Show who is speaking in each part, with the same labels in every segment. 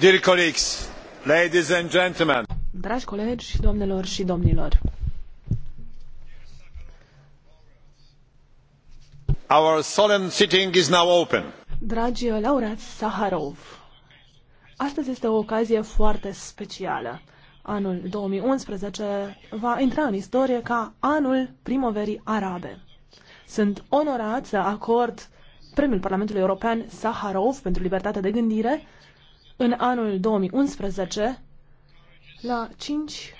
Speaker 1: Dragi
Speaker 2: colegi, doamnelor și domnilor.
Speaker 3: Our solemn sitting is now open.
Speaker 2: Dragi laureați Saharov, astăzi este o ocazie foarte specială. Anul 2011 va intra în istorie ca anul primăverii arabe. Sunt onorat să acord premiul Parlamentului European Saharov pentru libertatea de gândire în anul 2011 la cinci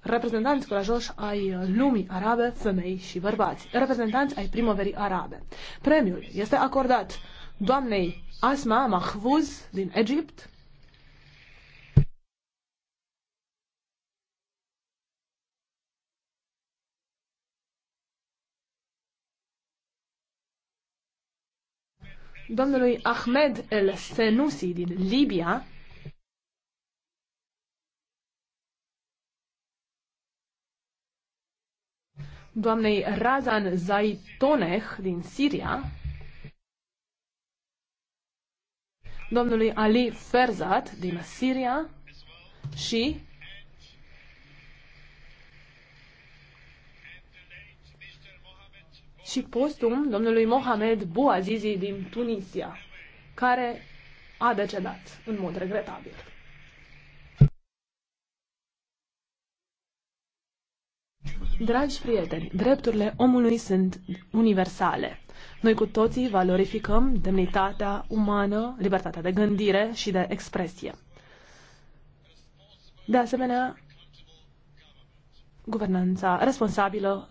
Speaker 2: reprezentanți curajoși ai lumii arabe, femei și bărbați, reprezentanți ai primăverii arabe. Premiul este acordat doamnei Asma Mahvuz din Egipt, domnului Ahmed El Senusi din Libia, doamnei Razan Zaitoneh din Siria, domnului Ali Ferzat din Siria și și postum domnului Mohamed Bouazizi din Tunisia, care a decedat în mod regretabil. Dragi prieteni, drepturile omului sunt universale. Noi cu toții valorificăm demnitatea umană, libertatea de gândire și de expresie. De asemenea, guvernanța responsabilă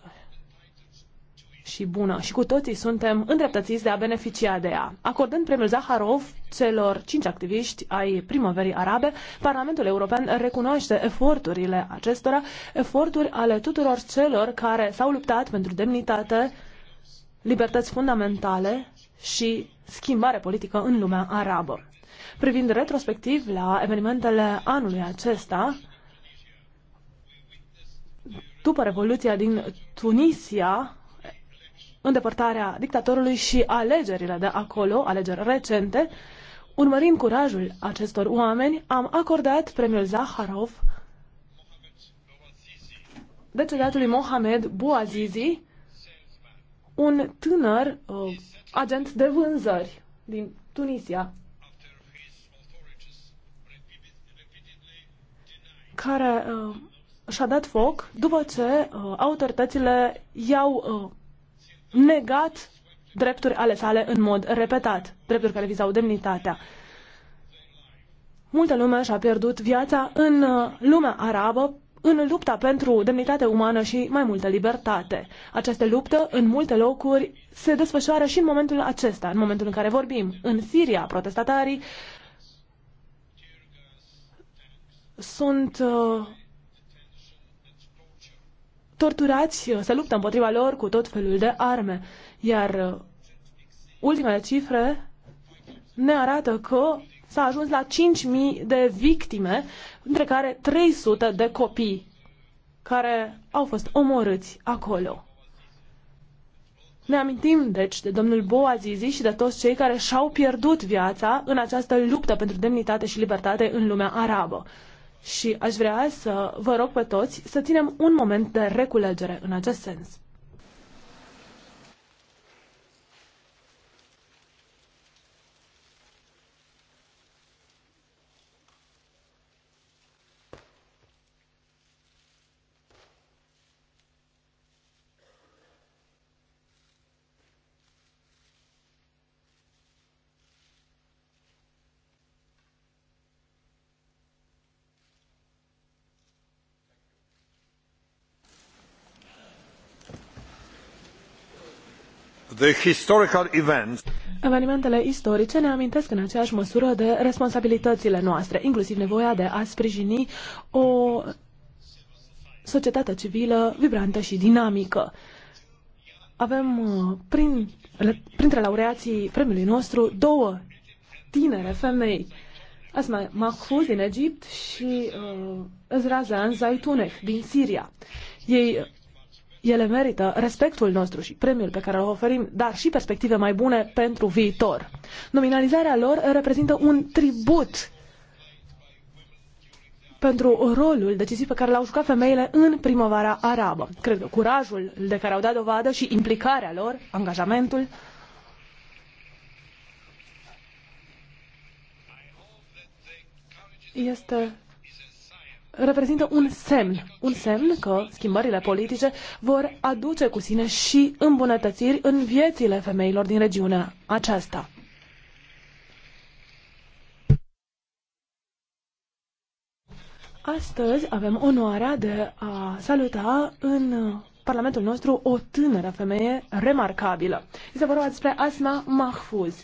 Speaker 2: și bună și cu toții suntem îndreptățiți de a beneficia de ea. Acordând premiul Zaharov celor cinci activiști ai primăverii arabe, Parlamentul European recunoaște eforturile acestora, eforturi ale tuturor celor care s-au luptat pentru demnitate, libertăți fundamentale și schimbare politică în lumea arabă. Privind retrospectiv la evenimentele anului acesta, după Revoluția din Tunisia, îndepărtarea dictatorului și alegerile de acolo, alegeri recente, urmărind curajul acestor oameni, am acordat premiul Zaharov decedatului Mohamed Bouazizi, un tânăr uh, agent de vânzări din Tunisia, care uh, și-a dat foc după ce uh, autoritățile i-au uh, negat drepturi ale sale în mod repetat, drepturi care vizau demnitatea. Multă lume și-a pierdut viața în uh, lumea arabă în lupta pentru demnitate umană și mai multă libertate. Această luptă, în multe locuri, se desfășoară și în momentul acesta, în momentul în care vorbim. În Siria, protestatarii sunt uh, torturați, uh, se luptă împotriva lor cu tot felul de arme. Iar uh, ultimele cifre ne arată că s-a ajuns la 5.000 de victime, între care 300 de copii care au fost omorâți acolo. Ne amintim, deci, de domnul Boazizi și de toți cei care și-au pierdut viața în această luptă pentru demnitate și libertate în lumea arabă și aș vrea să vă rog pe toți să ținem un moment de reculegere în acest sens. Evenimentele istorice ne amintesc în aceeași măsură de responsabilitățile noastre, inclusiv nevoia de a sprijini o societate civilă vibrantă și dinamică. Avem uh, prin, printre laureații premiului nostru două tinere femei, Asma Mahfouz din Egipt și uh, Ezra Zan Zaitunek din Siria. Ei ele merită respectul nostru și premiul pe care îl oferim, dar și perspective mai bune pentru viitor. Nominalizarea lor reprezintă un tribut pentru rolul decisiv pe care l-au jucat femeile în primăvara arabă. Cred că curajul de care au dat dovadă și implicarea lor, angajamentul, este reprezintă un semn, un semn că schimbările politice vor aduce cu sine și îmbunătățiri în viețile femeilor din regiunea aceasta. Astăzi avem onoarea de a saluta în Parlamentul nostru o tânără femeie remarcabilă. Este vorba despre Asma Mahfuz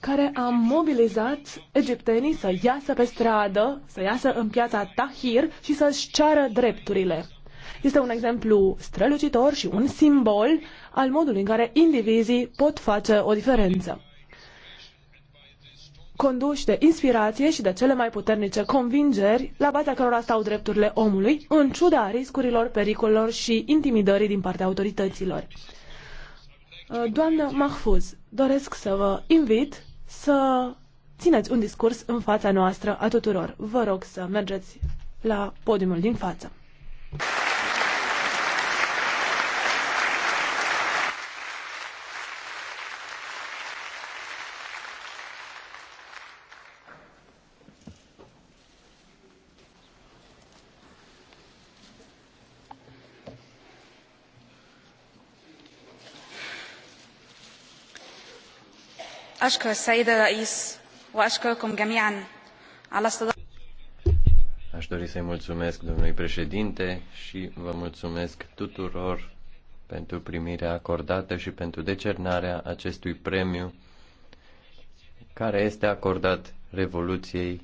Speaker 2: care a mobilizat egiptenii să iasă pe stradă, să iasă în piața Tahir și să-și ceară drepturile. Este un exemplu strălucitor și un simbol al modului în care indivizii pot face o diferență. Conduși de inspirație și de cele mai puternice convingeri, la baza cărora stau drepturile omului, în ciuda riscurilor, pericolelor și intimidării din partea autorităților. Doamnă Mahfuz, doresc să vă invit să țineți un discurs în fața noastră a tuturor. Vă rog să mergeți la podiumul din față.
Speaker 1: أشكر السيد الرئيس وأشكركم جميعا على استضافة
Speaker 3: Aș dori să-i mulțumesc domnului președinte și vă mulțumesc tuturor pentru primirea acordată și pentru decernarea acestui premiu care este acordat Revoluției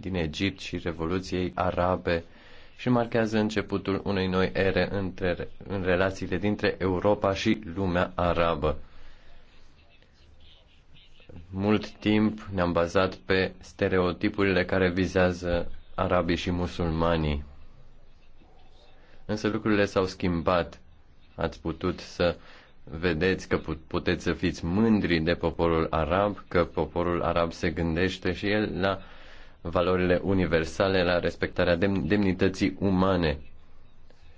Speaker 3: din Egipt și Revoluției Arabe și marchează începutul unei noi ere între, în relațiile dintre Europa și lumea arabă mult timp ne-am bazat pe stereotipurile care vizează arabii și musulmanii. Însă lucrurile s-au schimbat. Ați putut să vedeți că puteți să fiți mândri de poporul arab, că poporul arab se gândește și el la valorile universale, la respectarea demnității umane.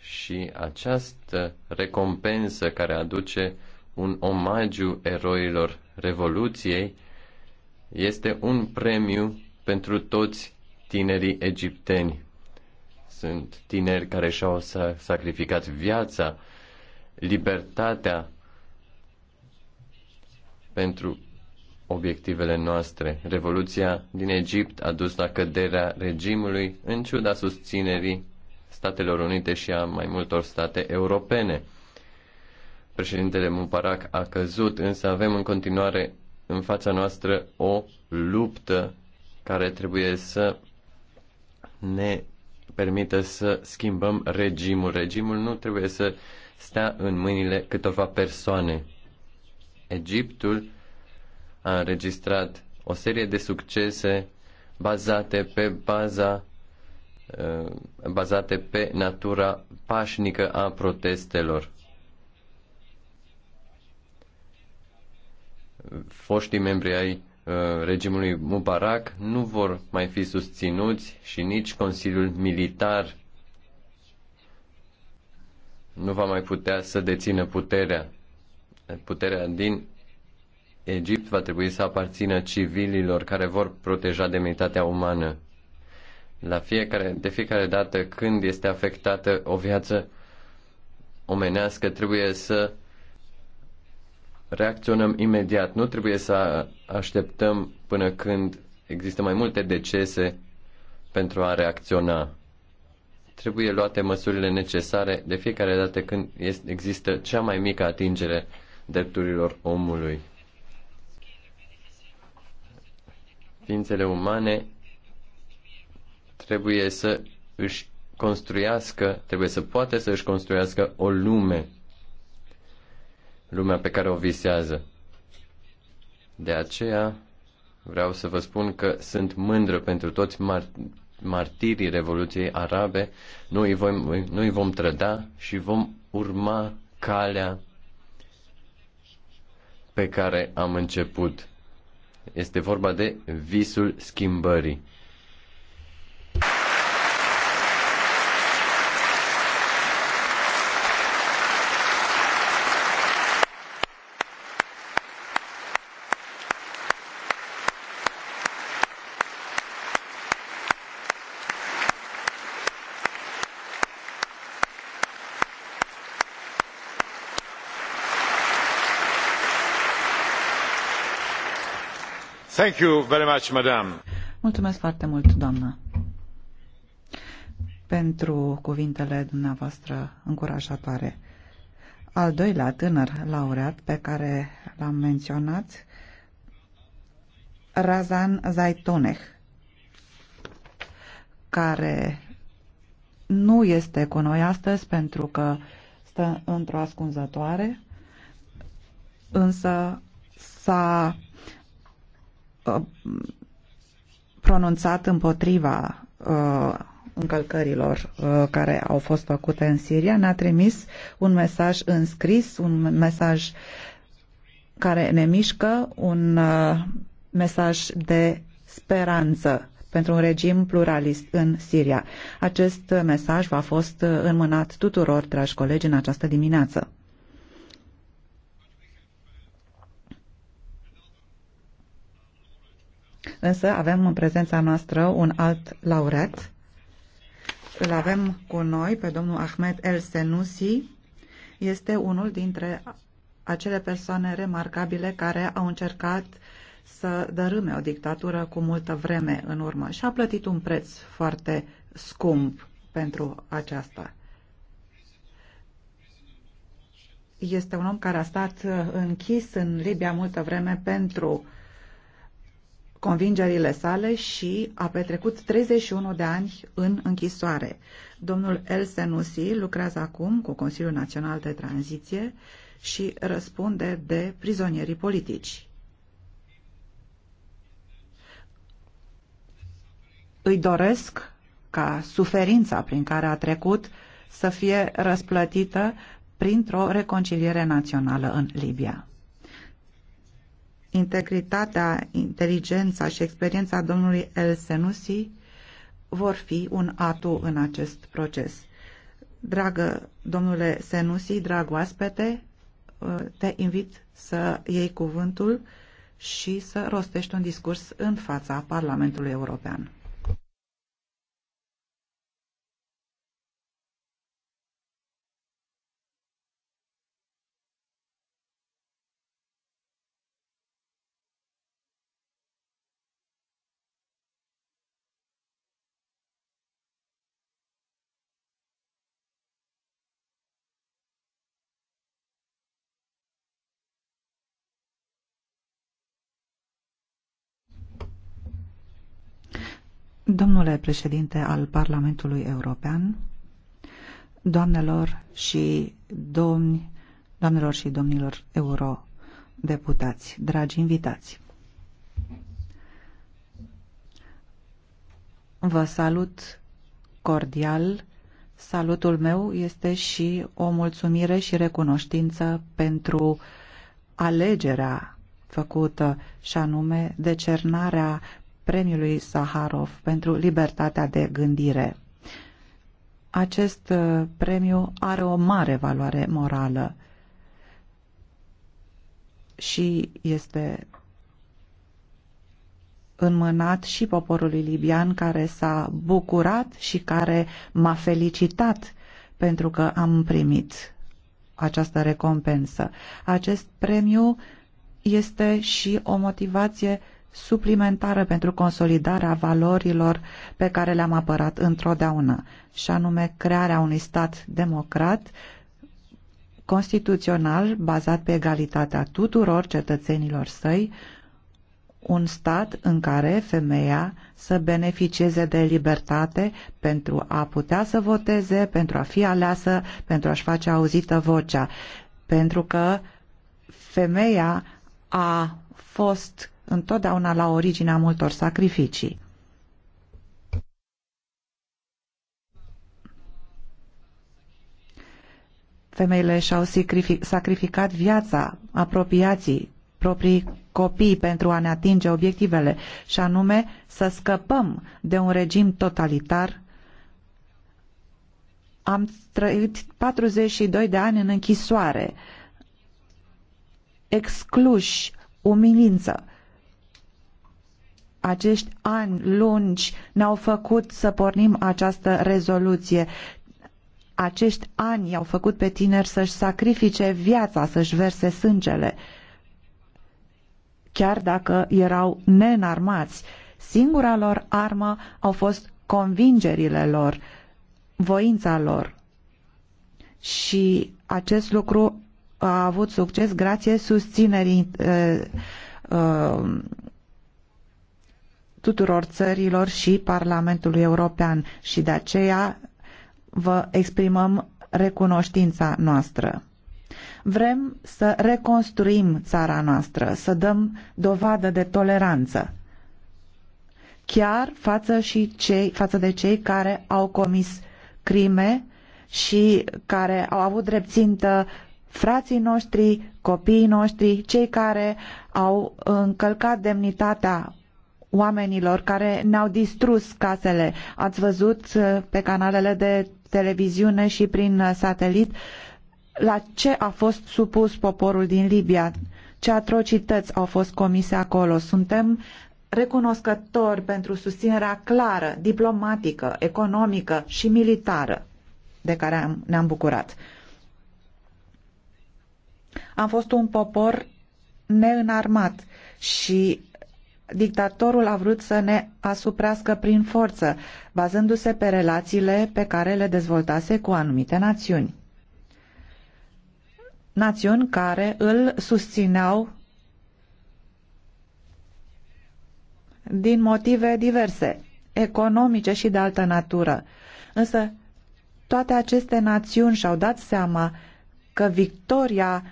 Speaker 3: Și această recompensă care aduce un omagiu eroilor Revoluției, este un premiu pentru toți tinerii egipteni. Sunt tineri care și-au sacrificat viața, libertatea pentru obiectivele noastre. Revoluția din Egipt a dus la căderea regimului în ciuda susținerii Statelor Unite și a mai multor state europene. Președintele Mubarak a căzut, însă avem în continuare în fața noastră o luptă care trebuie să ne permită să schimbăm regimul. Regimul nu trebuie să stea în mâinile câteva persoane. Egiptul a înregistrat o serie de succese bazate pe baza eh, bazate pe natura pașnică a protestelor. foștii membri ai uh, regimului Mubarak nu vor mai fi susținuți și nici Consiliul Militar nu va mai putea să dețină puterea. Puterea din Egipt va trebui să aparțină civililor care vor proteja demnitatea umană. La fiecare, de fiecare dată când este afectată o viață omenească, trebuie să reacționăm imediat. Nu trebuie să așteptăm până când există mai multe decese pentru a reacționa. Trebuie luate măsurile necesare de fiecare dată când există cea mai mică atingere drepturilor omului. Ființele umane trebuie să își construiască, trebuie să poată să își construiască o lume lumea pe care o visează. De aceea vreau să vă spun că sunt mândră pentru toți mar- martirii Revoluției Arabe, nu îi, vom, nu îi vom trăda și vom urma calea pe care am început. Este vorba de visul schimbării.
Speaker 1: Mulțumesc foarte mult, pentru cuvintele dumneavoastră încurajatoare. Al doilea tânăr laureat pe care l-am menționat, Razan Zaitoneh, care nu este cu noi astăzi pentru că stă într-o ascunzătoare, însă s-a Uh, pronunțat împotriva uh, încălcărilor uh, care au fost făcute în Siria, ne-a trimis un mesaj înscris, un mesaj care ne mișcă, un mesaj de speranță pentru un regim pluralist în Siria. Acest mesaj v-a fost înmânat tuturor, dragi colegi, în această dimineață. Însă avem în prezența noastră un alt laureat. Îl avem cu noi pe domnul Ahmed El Senusi. Este unul dintre acele persoane remarcabile care au încercat să dărâme o dictatură cu multă vreme în urmă și a plătit un preț foarte scump pentru aceasta. Este un om care a stat închis în Libia multă vreme pentru uh, convingerile sale și a petrecut 31 de ani în închisoare. Domnul El Senusi lucrează acum cu Consiliul Național de Tranziție și răspunde de prizonierii politici. Îi doresc ca suferința prin care a trecut să fie răsplătită printr-o reconciliere națională în Libia integritatea, inteligența și experiența domnului El Senusi vor fi un atu în acest proces. Dragă domnule Senusi, drag oaspete, te invit să iei cuvântul și să rostești un discurs în fața Parlamentului European. Domnule președinte al Parlamentului European, doamnelor și domni, doamnelor și domnilor eurodeputați, dragi invitați, vă salut cordial. Salutul meu este și o mulțumire și recunoștință pentru alegerea făcută și anume decernarea premiului Saharov pentru libertatea de gândire. Acest uh, premiu are o mare valoare morală și este înmânat și poporului libian care s-a bucurat și care m-a felicitat pentru că am primit această recompensă. Acest premiu este și o motivație suplimentară pentru consolidarea valorilor pe care le-am apărat întotdeauna, și anume crearea unui stat democrat, constituțional, bazat pe egalitatea tuturor cetățenilor săi, un stat în care femeia să beneficieze de libertate pentru a putea să voteze, pentru a fi aleasă, pentru a-și face auzită vocea. Pentru că femeia a fost întotdeauna la originea multor sacrificii. Femeile și-au sacrificat viața, apropiații, proprii copii pentru a ne atinge obiectivele și anume să scăpăm de un regim totalitar. Am trăit 42 de ani în închisoare excluși, umilință. Acești ani lungi ne-au făcut să pornim această rezoluție. Acești ani i-au făcut pe tineri să-și sacrifice viața, să-și verse sângele, chiar dacă erau nenarmați. Singura lor armă au fost convingerile lor, voința lor. Și acest lucru a avut succes grație susținerii uh, uh, tuturor țărilor și Parlamentului European și de aceea vă exprimăm recunoștința noastră. Vrem să reconstruim țara noastră, să dăm dovadă de toleranță, chiar față, și cei, față de cei care au comis crime și care au avut drept țintă frații noștri, copiii noștri, cei care au încălcat demnitatea oamenilor care ne-au distrus casele. Ați văzut uh, pe canalele de televiziune și prin uh, satelit la ce a fost supus poporul din Libia, ce atrocități au fost comise acolo. Suntem recunoscători pentru susținerea clară, diplomatică, economică și militară de care ne-am bucurat. Am fost un popor neînarmat și dictatorul a vrut să ne asuprească prin forță, bazându-se pe relațiile pe care le dezvoltase cu anumite națiuni. Națiuni care îl susțineau din motive diverse, economice și de altă natură. Însă toate aceste națiuni și-au dat seama că victoria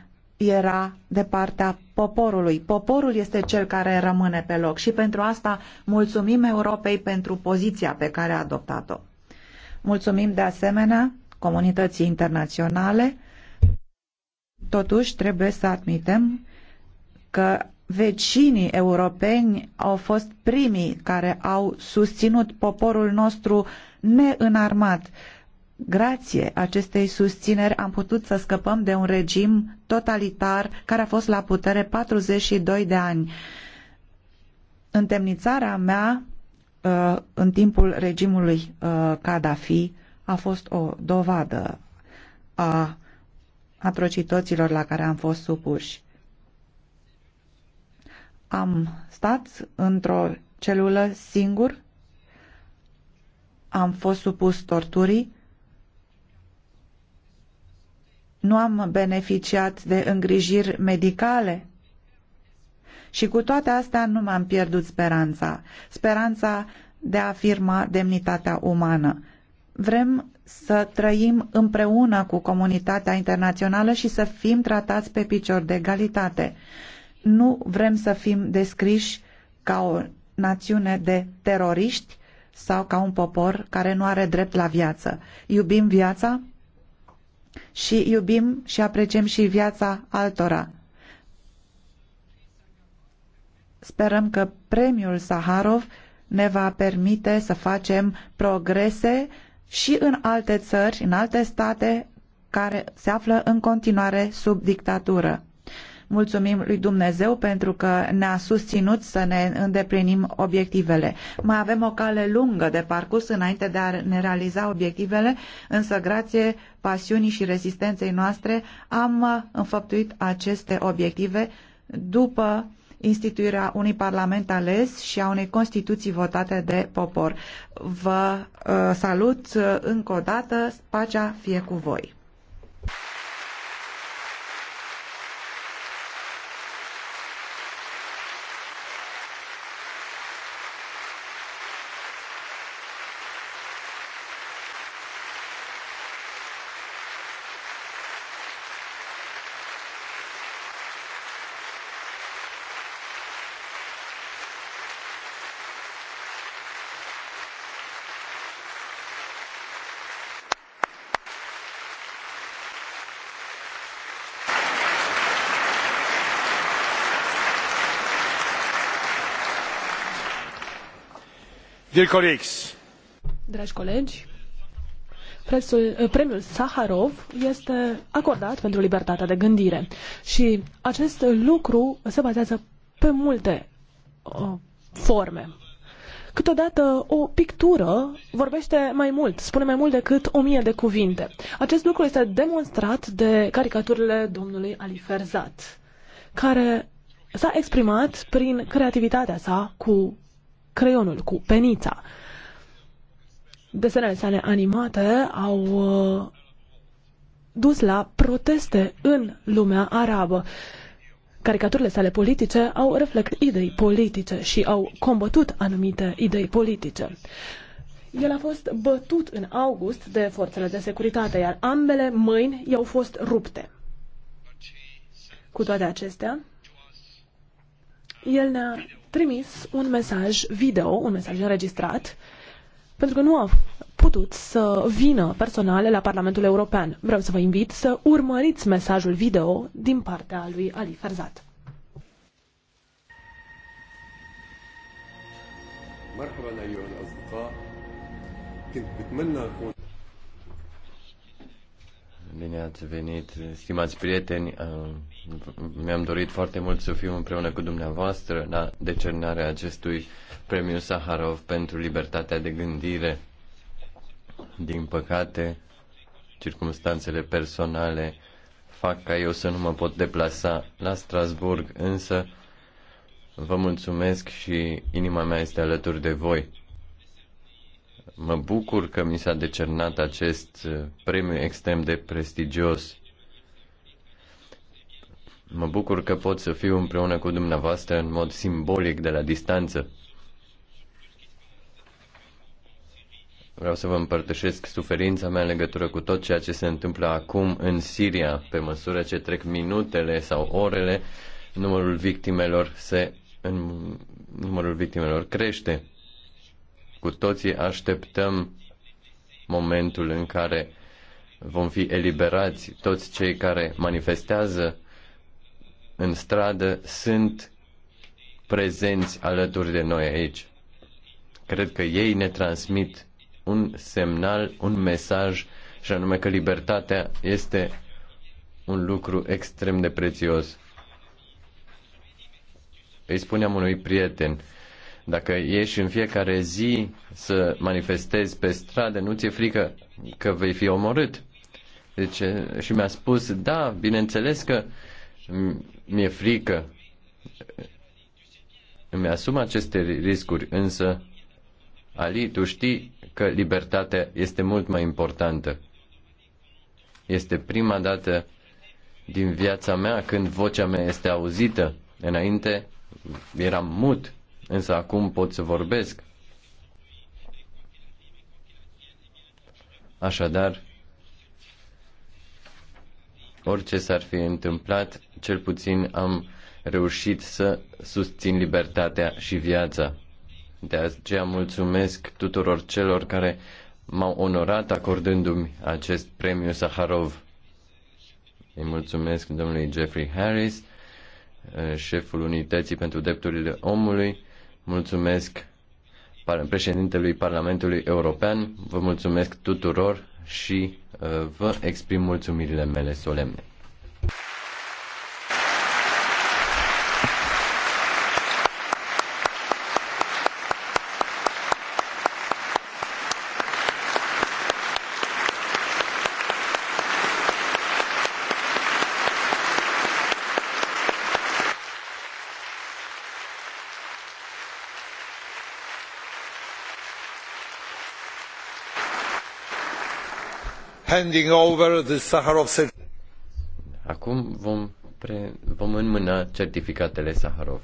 Speaker 1: era de partea poporului. Poporul este cel care rămâne pe loc și pentru asta mulțumim Europei pentru poziția pe care a adoptat-o. Mulțumim de asemenea comunității internaționale. Totuși trebuie să admitem că vecinii europeni au fost primii care au susținut poporul nostru neînarmat Grație acestei susțineri am putut să scăpăm de un regim totalitar care a fost la putere 42 de ani. Întemnițarea mea uh, în timpul regimului uh, Gaddafi a fost o dovadă a atrocităților la care am fost supuși. Am stat într-o celulă singur, am fost supus torturii, nu am beneficiat de îngrijiri medicale. Și cu toate astea nu m-am pierdut speranța, speranța de a afirma demnitatea umană. Vrem să trăim împreună cu comunitatea internațională și să fim tratați pe picior de egalitate. Nu vrem să fim descriși ca o națiune de teroriști sau ca un popor care nu are drept la viață. Iubim viața, și iubim și apreciem și viața altora. Sperăm că premiul Saharov ne va permite să facem progrese și în alte țări, în alte state care se află în continuare sub dictatură. Mulțumim lui Dumnezeu pentru că ne-a susținut să ne îndeplinim obiectivele. Mai avem o cale lungă de parcurs înainte de a ne realiza obiectivele, însă grație pasiunii și rezistenței noastre am înfăptuit aceste obiective după instituirea unui parlament ales și a unei constituții votate de popor. Vă uh, salut uh, încă o dată, pacea fie cu voi!
Speaker 3: Dragi
Speaker 2: colegi, eh, premiul Saharov este acordat pentru libertatea de gândire și acest lucru se bazează pe multe eh, forme. Câteodată o pictură vorbește mai mult, spune mai mult decât o mie de cuvinte. Acest lucru este demonstrat de caricaturile domnului Ali Ferzat, care s-a exprimat prin creativitatea sa cu creionul, cu penița. Desenele sale animate au uh, dus la proteste în lumea arabă. Caricaturile sale politice au reflectat idei politice și au combătut anumite idei politice. El a fost bătut în august de forțele de securitate, iar ambele mâini i-au fost rupte. Cu toate acestea, el ne-a trimis un mesaj video, un mesaj înregistrat, pentru că nu a putut să vină personal la Parlamentul European. Vreau să vă invit să urmăriți mesajul video din partea lui Ali Ferzat.
Speaker 3: مرحبا ايها الاصدقاء كنت بتمنى اكون Bine ați venit, stimați prieteni. Uh, mi-am dorit foarte mult să fiu împreună cu dumneavoastră la decernarea acestui premiu Saharov pentru libertatea de gândire. Din păcate, circumstanțele personale fac ca eu să nu mă pot deplasa la Strasburg, însă vă mulțumesc și inima mea este alături de voi. Mă bucur că mi s-a decernat acest uh, premiu extrem de prestigios. Mă bucur că pot să fiu împreună cu dumneavoastră în mod simbolic de la distanță. Vreau să vă împărtășesc suferința mea în legătură cu tot ceea ce se întâmplă acum în Siria. Pe măsură ce trec minutele sau orele, numărul victimelor se în, numărul victimelor crește. Cu toții așteptăm momentul în care vom fi eliberați. Toți cei care manifestează în stradă sunt prezenți alături de noi aici. Cred că ei ne transmit un semnal, un mesaj, și anume că libertatea este un lucru extrem de prețios. Îi spuneam unui prieten, dacă ieși în fiecare zi să manifestezi pe stradă, nu ți-e frică că vei fi omorât. Deci, eh, și mi-a spus, da, bineînțeles că mi-e frică. Îmi asum aceste riscuri, însă, Ali, tu știi că libertatea este mult mai importantă. Este prima dată din viața mea când vocea mea este auzită. Înainte eram mut Însă acum pot să vorbesc. Așadar, orice s-ar fi întâmplat, cel puțin am reușit să susțin libertatea și viața. De aceea mulțumesc tuturor celor care m-au onorat acordându-mi acest premiu Saharov. Îi mulțumesc domnului Jeffrey Harris, șeful Unității pentru Drepturile Omului, mulțumesc președintelui Parlamentului European, vă mulțumesc tuturor și uh, vă exprim mulțumirile mele solemne. handing over the Saharov Acum vom, pre... vom înmâna certificatele Saharov.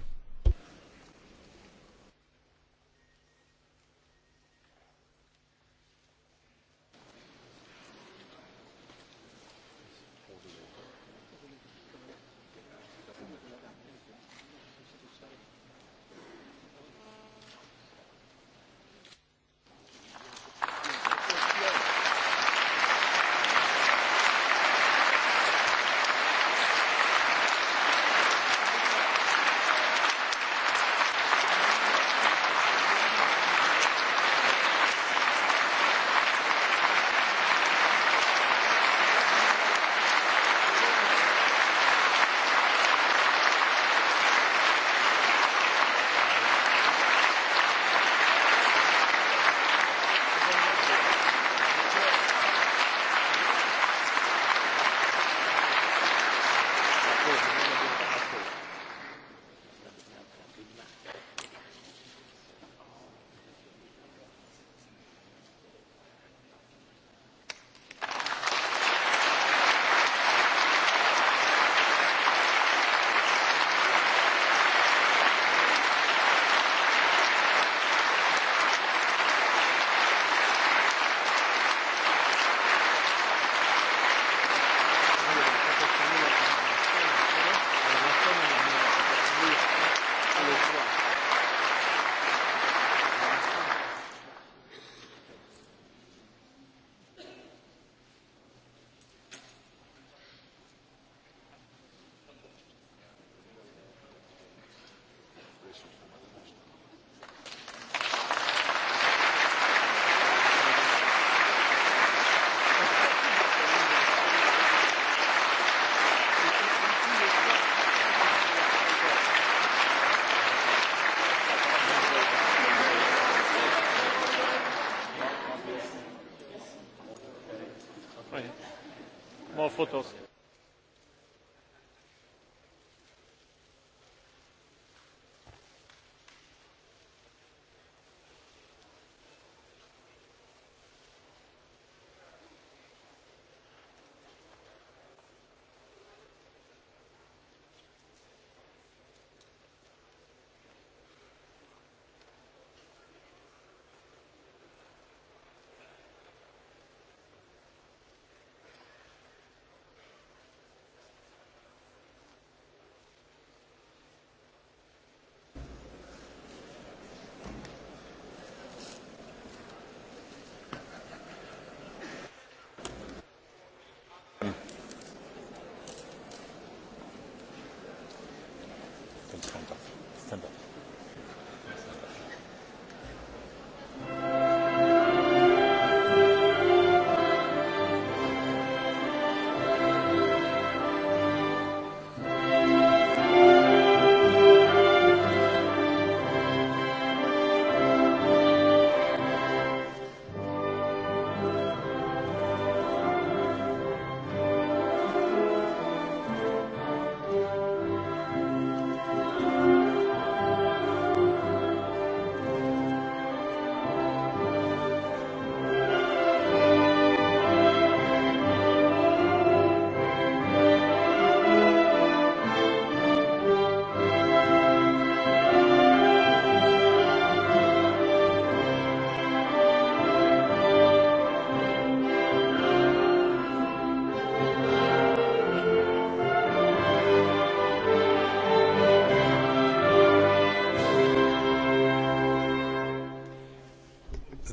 Speaker 3: fotos.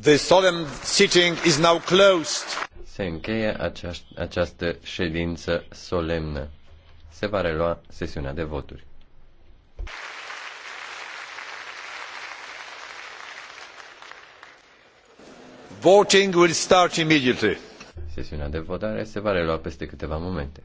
Speaker 3: The solemn sitting
Speaker 1: is now closed.
Speaker 3: Se încheie aceast- această ședință solemnă. Se va relua sesiunea de voturi. Voting will start immediately. Sesiunea de votare se va relua peste câteva momente.